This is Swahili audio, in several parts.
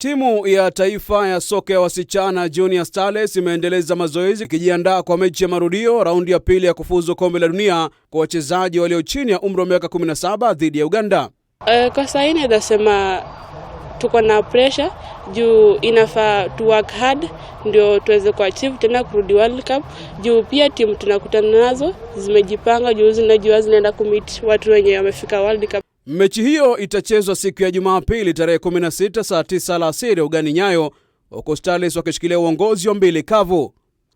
Timu ya taifa ya soka ya wasichana Junior Starlets imeendeleza mazoezi ikijiandaa kwa mechi ya marudio raundi ya pili ya kufuzu kombe la dunia kwa wachezaji walio chini ya umri wa miaka 17 dhidi ya Uganda. Uh, kwa sasa naweza tuko na pressure juu inafaa tu work hard ndio tuweze kuachieve tena kurudi World Cup, juu pia timu tunakutana nazo zimejipanga juu zinajua zinaenda kumit watu wenye wamefika World Cup. Mechi hiyo itachezwa siku ya Jumapili tarehe 16 saa 9 alasiri ugani Nyayo, huku Starlets wakishikilia uongozi wa mbili kavu.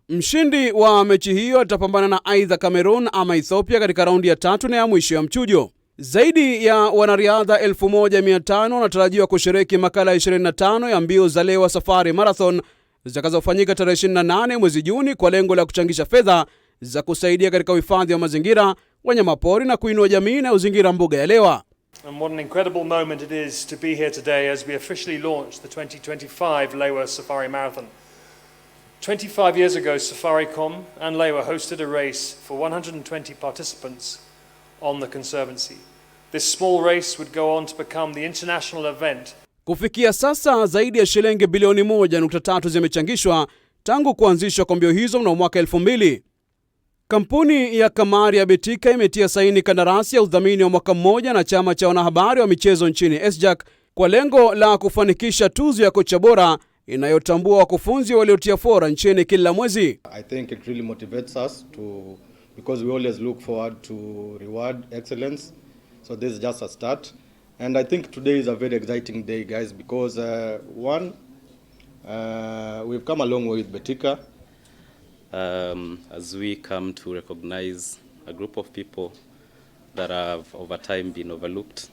Mshindi wa mechi hiyo atapambana na aidha Cameroon ama Ethiopia katika raundi ya tatu na ya mwisho ya mchujo. Zaidi ya wanariadha 1500 wanatarajiwa kushiriki makala 25 ya mbio za Lewa Safari Marathon zitakazofanyika tarehe 28 mwezi Juni kwa lengo la kuchangisha fedha za kusaidia katika uhifadhi wa mazingira, wanyamapori na kuinua jamii na uzingira mbuga ya Lewa. And what an incredible moment it is to be here today as we officially launch the 2025 Lewa Safari Marathon. 25 years ago, Safaricom and Lewa hosted a race for 120 participants on the Conservancy. This small race would go on to become the international event. Kufikia sasa zaidi ya shilingi bilioni 1.3 zimechangishwa tangu kuanzishwa kwa mbio hizo mnamo mwaka 2000. Kampuni ya kamari ya Betika imetia saini kandarasi ya udhamini wa mwaka mmoja na chama cha wanahabari wa michezo nchini SJAK kwa lengo la kufanikisha tuzo ya kocha bora inayotambua wakufunzi waliotia fora nchini kila mwezi. I think it really motivates us to because we always look forward to reward excellence. So this is just a start. And I think today is a very exciting day guys because uh, one uh, we've come a long way with Betika um, as we come to recognize a group of people that have over time been overlooked.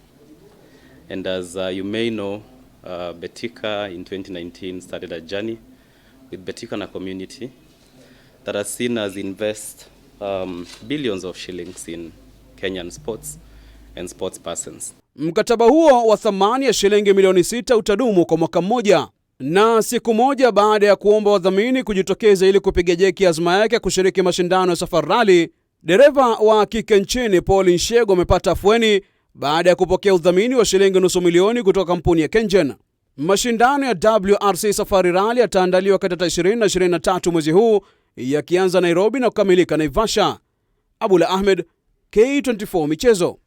And as uh, you may know, uh, Betika in 2019 started a journey with a community that has seen us invest um, billions of shillings in Kenyan sports and sports persons. Mkataba huo wa thamani ya shilingi milioni sita utadumu kwa mwaka mmoja. Na siku moja baada ya kuomba wadhamini kujitokeza ili kupiga jeki azma yake kushiriki mashindano ya Safari Rally, dereva wa kike nchini Paul Nshego amepata afueni baada ya kupokea udhamini wa shilingi nusu milioni kutoka kampuni ya Kengen. Mashindano ya WRC Safari Rally yataandaliwa kati ya 20 na 23 mwezi huu yakianza Nairobi na kukamilika Naivasha. Abula Ahmed, K24 Michezo.